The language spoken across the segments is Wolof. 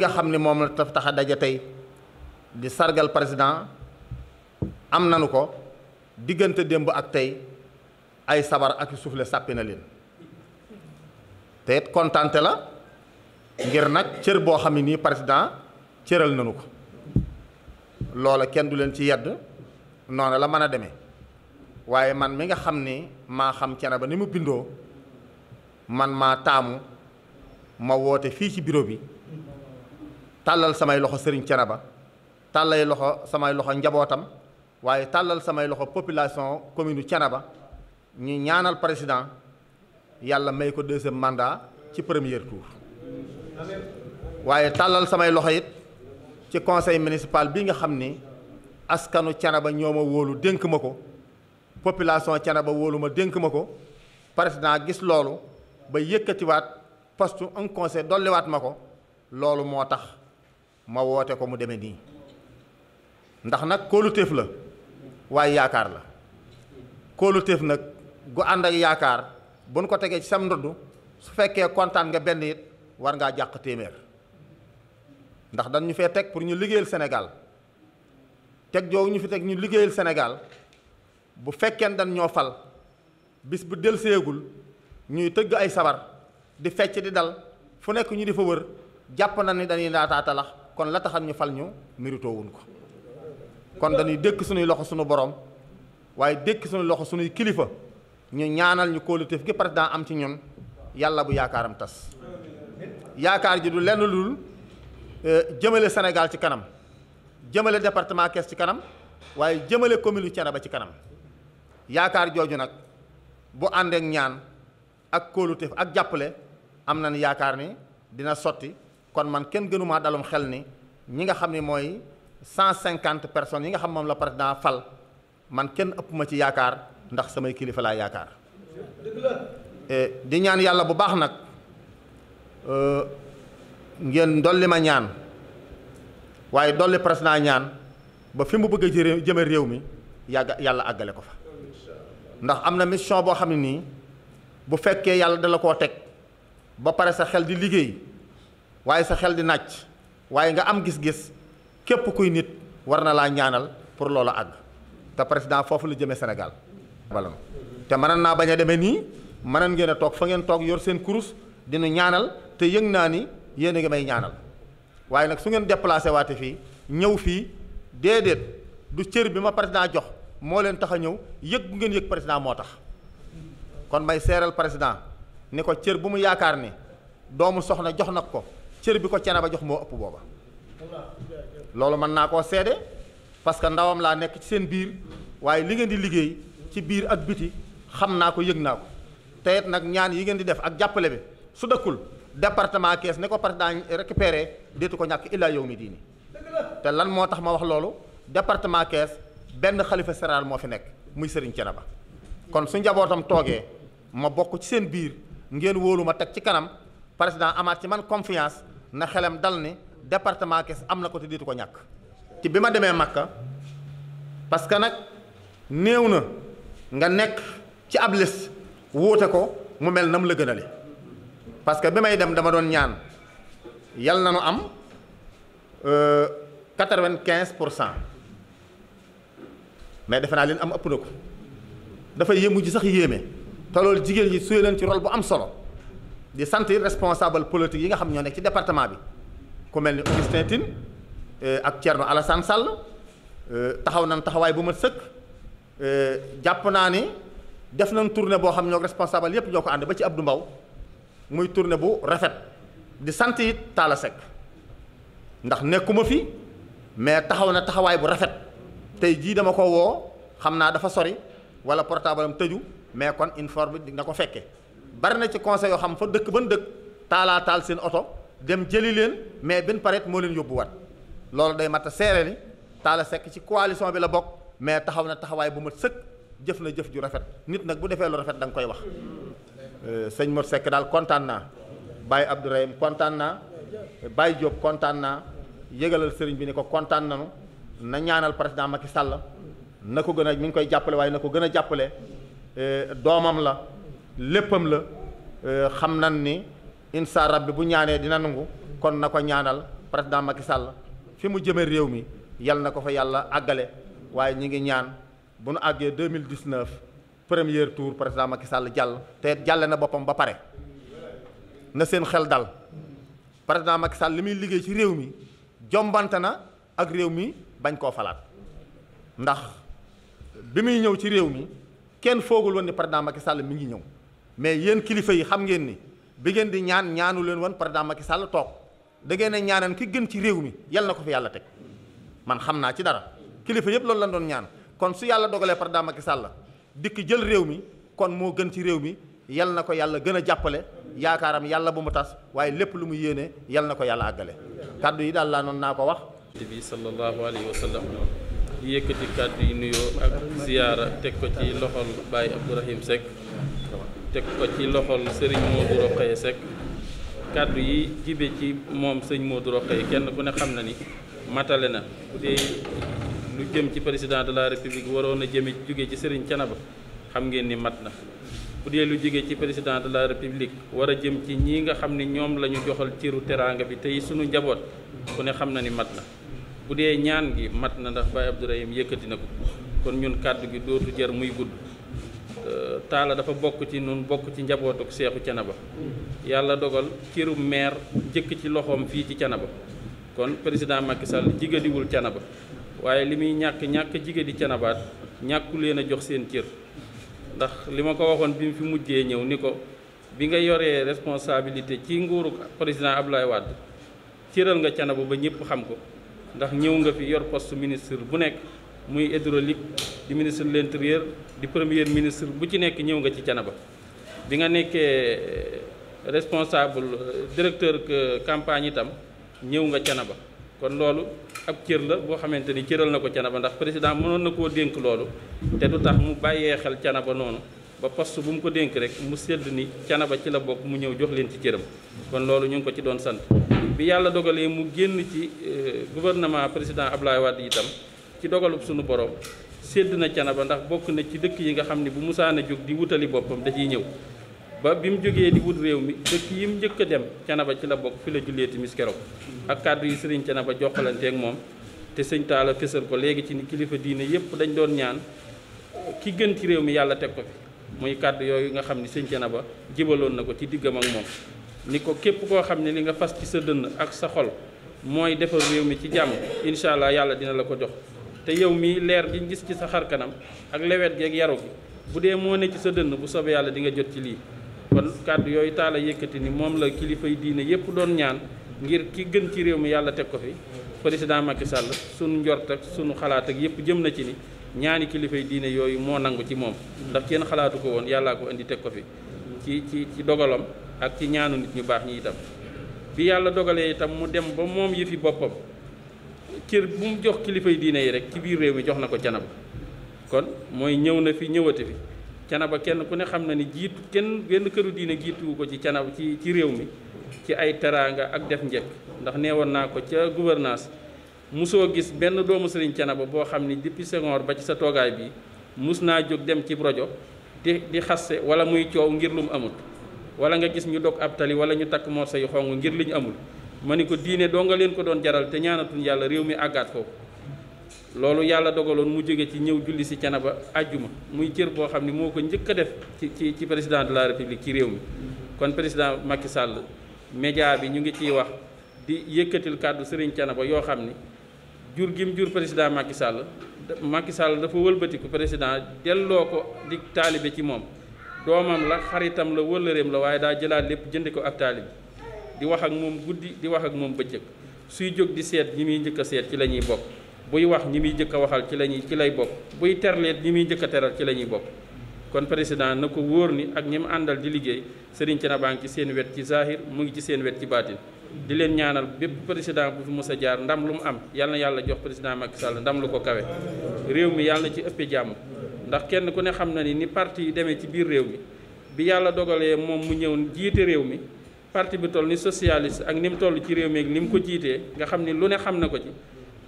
nga xam ni moom la tax a daje tey di sargal président am nanu ko diggante démb ak tey ay sabar ak suufle sàppi na leen te it kontante la ngir nag cër boo xam ne nii président cëral nanu ko loola kenn du leen ci yedd noonu la mën a deme waaye man mi nga xam ni maa xam cene ba ni mu bindoo man maa taamu ma woote fii ci bureau bi tàllal samay loxo sëriñ Thiénaba tàllay loxo samay loxo njabootam waaye tàllal samay loxo population commune Thiénaba ñu ñaanal président yàlla may ko deuxième mandat ci premier tour waaye tàllal samay loxo yit ci conseil municipal bi nga xam ni askanu Thiénaba ñoo ma wóolu dénk ma ko population Thiénaba wóolu ma dénk ma ko président gis loolu ba yëkkatiwaat poste un conseil dolliwaat ma ko loolu moo tax ma woote ko mu demee nii ndax nag kóoluteef la waaye yaakaar la kóoluteef nag gu ànd ak yaakaar bu nu ko tegee ci sam ndodd su fekkee kontaan nga benn it war ngaa jàq téeméer ndax dañ ñu fee teg pour ñu liggéeyal Sénégal teg joogu ñu fi teg ñu liggéeyal Sénégal bu fekkee dañ ñoo fal bis bu del ñuy tëgg ay sabar di fecc di dal fu nekk ñu di fa wër jàpp na ni dañuy ndaataa kon la taxal ñu fal ñu mérito wuñ ko kon dañuy dékk suñuy loxo suñu borom waaye dékk suñu loxo suñuy kilifa ñu ñaanal ñu kóoluteef gi daa am ci ñun yàlla bu yaakaaram tas yaakaar ji du lenn lul euh, jëmale Sénégal ci kanam jëmale département Kees ci kanam waaye jëmale commune u Thiénaba ci kanam yaakaar jooju nag bu ànd ñaan ak kóoluteef ak jàppale am nañ yaakaar ni dina sotti kon man kenn gënumaa dalum xel ni ñi nga xam ne mooy cent cinquante personnes yi nga xam moom la président fal man kenn ëppuma ci yaakaar ndax samay kilifa laa yaakaar e, di ñaan yàlla bu baax nag e, ngeen dolli ma ñaan waaye dolli président ñaan ba fi mu bëgg a jëme réew mi yàgg yàlla àggale ko fa ndax am na mission boo xam ne nii bu fekkee yàlla dala koo teg ba pare sa xel di liggéey waaye sa xel di nàcc waaye nga am gis-gis képp kuy nit war na laa ñaanal pour loola àgg te président foofu la jëmee Sénégal balam te mënan naa bañ a demee nii mënan ngeen a toog fa ngeen toog yor seen kurus dinu ñaanal te yëg naa ni yéen a ngi may ñaanal waaye nag su ngeen déplacé waate fii ñëw fii déedéet du cër bi ma président jox moo leen tax a ñëw yëg bu ngeen yëg président moo tax kon may seeral président ni ko cër bu mu yaakaar ne doomu soxna jox nag ko cër bi ko cana ba jox moo ëpp booba loolu mën naa koo seede parce que ndawam laa nekk ci seen biir waaye li ngeen di liggéey ci biir ak biti xam naa ko yëg naa ko te nag ñaan yi ngeen di def ak jàppale bi su dëkkul département Kees ne ko président récupéré déetu ko ñàkk illaa yow mi diini te lan moo tax ma wax loolu département Kees benn xalifa général moo fi nekk muy Serigne ba kon su njabootam toogee ma bokk ci seen biir ngeen wóolu ma teg ci kanam président amaat ci man confiance na xelam dal ni département kes am na ko te diitu ko ñàkk ci bi ma demee Makka parce que nag néew na nga nekk ci ab liste wuute ko mu mel na mu la gënale parce que bi may dem dama doon ñaan yal na nu am euh, quatre-vingt-quinze pour cent mais defe naa leen am ëpp na ko dafa yëmu ji sax yéeme te loolu jigéen ñi suyee leen ci rôle bu am solo. di sant responsable politique yi nga xam ñoo nekk ci département bi ku mel ni Augustin Tine euh, ak Thierno Alassane Sall euh, taxaw nañ taxawaay bu ma sëkk euh, jàpp naa ni def nañ tournée boo xam ñoo responsable yépp ñoo ko ànd ba ci Abdou Mbaw muy tournée bu rafet di sant it Talla Seck ndax nekkuma fi mais taxaw na taxawaay bu rafet tey jii dama ko woo xam naa dafa sori wala portable am tëju mais kon informe bi dina ko fekkee bari na ci conseil yoo xam fa dëkk ban dëkk taalaa taal seen oto dem jëli leen mais benn paret moo leen yóbbuwaat loolu day mat a seere ni taala sekk ci coalition bi la bokk mais taxaw na taxawaay bu mat sëkk jëf na jëf ju rafet nit nag bu defee lu rafet danga koy wax euh, sëñ Mor sekk daal kontaan naa Baye Abdourahim kontaan naa Baye Diop kontaan naa yëgalal sëriñ bi ni ko kontaan nanu na ñaanal président Macky Sall na ko gën a mi ngi koy jàppale waaye na ko gën a jàppale euh, doomam la léppam la euh, xam nan ni insa rabbi bu ñaanee dina nangu kon na ko ñaanal président Macky Sall fi mu jëme réew mi yal na ko fa yàlla àggale waaye ñi ngi ñaan bu nu àggee 2019 premier tour président Macky sàll jàll te jàlle na boppam ba pare na seen xel dal président Macky Sall li muy liggéey ci réew mi jombante na ak réew mi bañ koo falaat ndax bi muy ñëw ci réew mi kenn foogul woon ni président Macky Sall mi ngi ñëw mais yéen kilifa yi xam ngeen ni bi ngeen di ñaan ñaanu leen woon président Macky Sall toog da ngeen a ñaanal ki gën ci réew mi yal na ko fi yàlla teg man xam naa ci dara kilifa yëpp loolu lan doon ñaan kon su yàlla dogalee président Macky Sall dikk jël réew mi kon moo gën ci réew mi yal na ko yàlla gën a jàppale yaakaaram yàlla bu mu tas waaye lépp lu mu yéene yal na ko yàlla àggale kàddu yi daal laa noonu naa ko wax. bi sallallahu alayhi wa sallam di yëkkati kàddu yi nuyoo ak ziyaara teg ko teg ko ci loxol sëriñ Modou Rokhaya Seck kàddu yi jibe ci moom sëñ Modou Rokhaya kenn ku ne xam na ni matale na bu dee lu jëm ci président de la république waroon a jëme jóge ci sëriñ Canaba xam ngeen ni mat na bu dee lu jóge ci président de la répiblique war a jëm ci ñi nga xam ni ñoom la ñu joxal ciru teraanga bi tey suñu njaboot ku ne xam na ni mat na bu dee ñaan gi mat na ndax Baye Abdourahim yëkkati na ko kon ñun kàddu gi dootu jar muy gudd euh, taala dafa bokk ci nun bokk ci njabootuk seexu canaba yàlla dogal cëru maire njëkk ci loxoom fii ci canaba kon président Macky Sall jigadiwul canaba waaye li muy ñàkk ñàkk jigadi canabaat ñàkku leen a jox seen cër ndax li ma ko waxoon bi mu fi mujjee ñëw ni ko bi nga yoree responsabilité ci nguuru président Abdoulaye Wade cëral nga canaba ba ñëpp xam ko ndax ñëw nga fi yor poste ministre bu nekk muy hydraulique di ministre de l'intérieur di premier ministre bu ci nekk ñëw nga ci canaba bi nga nekkee euh, responsable euh, directeur campagne itam ñëw nga canaba kon loolu ab cër la boo xamante ni cëral na ko canaba ndax président mënoon na koo dénk loolu te du tax mu bàyyee xel Thiénaba noonu ba poste bu mu ko dénk rek mu sedd ni Thiénaba ci la bokk mu ñëw jox leen ci cëram kon loolu ñu ngi ko ci doon sant bi yàlla dogalee mu génn ci euh, gouvernement président Abdoulaye Wade ci dogalub sunu borom sédd na canaba ndax bokk na ci dëkk yi nga xam ne bu musaan jóg di wutali boppam da ciy ñëw ba bi mu jógee di wut réew mi dëkk yi mu njëkk a dem canaba ci la bokk fi la jullee timis keroog ak kàddu yi sëriñ canaba joxalanteeg moom te sëñ taala fésal ko léegi ci ni kilifa diine yépp dañ doon ñaan ki gën ci réew mi yàlla teg ko fi muy kàddu yooyu nga xam ni sëñ canaba jibaloon na ko ci diggam ak moom ni ko képp koo xam ne li nga fas ci sa dënn ak sa xol mooy defar réew mi ci jàmm incha allah yàlla dina la ko jox te yow mii leer gi gis ci sa xar kanam ak lewet gi ak yaru gi bu dee moo ne ci sa dënn bu soobee yàlla di nga jot ci lii kon kàddu yooyu taala yëkkati ni moom la kilifay diine yépp doon ñaan ngir ki gën ci réew mi yàlla teg ko fi président Macky Sall sunu njort ak sunu xalaat ak yépp jëm na ci ni ñaani kilifay diine yooyu moo nangu ci moom ndax kenn xalaatu ko woon yàllaa ko indi teg ko fi ci ci ci dogalam ak ci ñaanu nit ñu baax ñi itam bi yàlla dogalee itam mu dem ba moom yëfi boppam cër bu mu jox kilifay diine yi rek ci biir réew mi jox na ko canaba kon mooy ñëw na fi ñëwate fi canaba kenn ku ne xam na ni jiitu kenn benn këru diine jiituwu ko ci canaba ci ci réew mi ci ay teraanga ak def njëkk ndax neewoon naa ko ca gouvernance musoo gis benn doomu sëriñ canaba boo xam ne depuis Senghor ba ci sa toogaay bi mus naa jóg dem ci rajo di di xaste wala muy coow ngir lu mu amul wala nga gis ñu dog ab tali wala ñu takk morso yu xong ngir li ñu amul ma ni ko diine doo nga leen ko doon jaral te ñaanatuñ yàlla réew mi àggaat ko loolu yàlla dogaloon mu jóge ci ñëw julli si canaba àjjuma muy cër boo xam ni moo ko njëkk a def ci ci ci président de la république ci réew mi kon président Macky Sall média bi ñu ngi ciy wax di yëkkatil kàddu sëriñ canaba yoo xam ni jur gim jur président Macky Sall Macky Sall dafa wëlbatiku président delloo ko di taalibe ci moom doomam la xaritam la wëllëreem la waaye daa jëlaat lépp jëndi ko ak taalibe di wax ak moom guddi di wax ak moom bëccëg suy jóg di seet ñi muy njëkk a seet ci la ñuy bokk buy wax ñi muy njëkk a waxal ci la ñuy ci lay bokk buy terleet ñi muy njëkk teral ci la ñuy bokk kon président na ko wóor ni ak ñi mu àndal di liggéey Serigne Thiénaba ngi ci seen wet ci zahir mu ngi ci seen wet ci baatin di leen ñaanal bépp président bu fi mës jaar ndam lu mu am yàlla na yàlla jox président Macky Sall ndam lu ko kawe réew mi yàlla ci ëppee jàmm ndax kenn ku ne xam na ni ni parti yi demee ci biir réew mi bi yàlla dogalee moom mu ñëw jiite réew mi parti bi toll ni socialiste ak ni mu toll ci réew mi ak ni ko jiitee nga xam ni lu ne xam na ko ci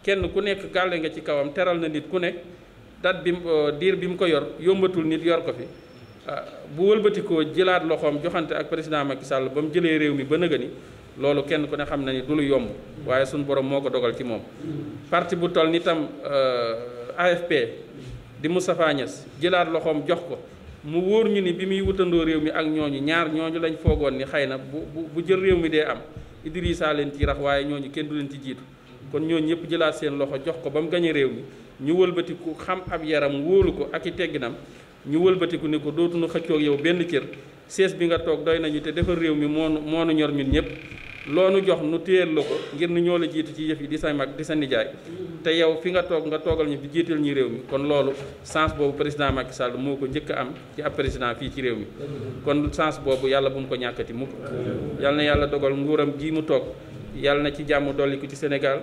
kenn ku nekk gàlle nga ci kawam teral na nit ku nekk dat bi euh, diir bi mu ko yor yombatul nit yor ko fi ah, bu wëlbatikoo jëlaat loxoom joxante ak président Macky Sall ba mu jëlee réew mi ba nëga ni loolu kenn ku ne xam na ni du lu yomb waaye suñu borom moo ko dogal ci moom parti bu toll ni tam euh, AFP di Moustapha Niass jëlaat loxoom jox ko mu wóor ñu ni bi muy wutandoo réew mi ak ñooñu ñaar ñooñu lañ foogoon ni xay na bu bu jël réew mi dee am Idrissa leen ci rax waaye ñooñu kenn du leen ci jiitu kon ñooñu ñëpp jëlaat seen loxo jox ko ba mu gañe réew mi ñu wëlbatiku xam ab yaram wóolu ko ak i tegginam ñu wëlbatiku ni ko dootuñu xëccoog yow benn cër sees bi nga toog doy nañu te defar réew mi moo moonu ñor ñun ñëpp loo nu jox nu téyel la ko ngir ni ñoo la jiitu ci yëf yi di sa mag di sa nijaay te yow fi nga toog nga toogal ñu di jiital ñi réew mi kon loolu sens boobu président makk Sall moo ko njëkk am ci ab président fii ci réew mi kon sens boobu yàlla bu mu ko ñàkkati mukk yàlla na yàlla dogal nguuram gii mu toog yàlla na ci jàmm dolliku ci Sénégal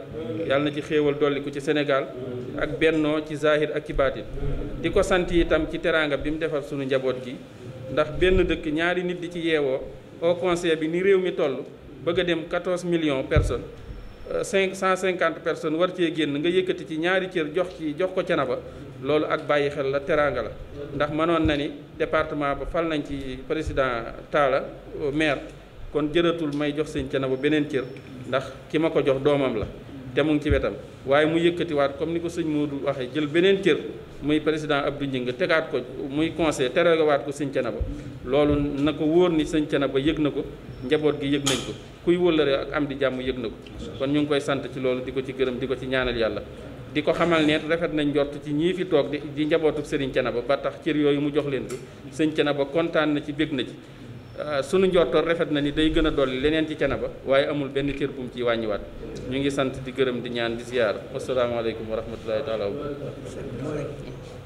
yàlla na ci xéewal dolliku ci Sénégal ak bennoo ci zahir ak ci baatin di ko sant itam ci teraanga bi mu defal suñu njaboot gi ndax benn dëkk ñaari nit di ci yeewoo au bi ni réew mi toll bëgg a dem 14 million personne euh, cinq cent cinquante personne war cee génn nga yëkkati ci ñaari cër jox ci jox ko Thiénaba loolu ak bàyyi xel la teraanga la ndax mënoon na ni département ba fal nañ ci président Talla euh, maire kon jëratul may jox seen Thiénaba beneen cër ndax ki ma ko jox doomam la te ci wetam waaye mu yëkkatiwaat comme ni ko sëñ moo du waxee jël beneen cër muy président Abdou Ngingue tegaat ko muy conseil terewaat ko sëñ Thiénaba loolu na ko wóor ni sëñ Thiénaba yëg na ko njaboot gi yëg nañ ko kuy wëllëre ak am di jàmm yëg na ko kon ñu ngi koy sant ci loolu di ko ci gërëm di ko ci ñaanal yàlla di ko xamal ne rafet nañ njort ci ñii fi toog di njabootu sëriñ Thiénaba ba tax cër yooyu mu jox leen ko sëñ Thiénaba kontaan na ci bég na ci Euh, sunu njortoor rafet na ni day gën a dolli leneen ci cana ba waaye amul benn cër bu mu ciy wàññiwaat ñu ngi sant di gërëm di ñaan di ziyaar asalaamaaleykum wa rahmatullahi taala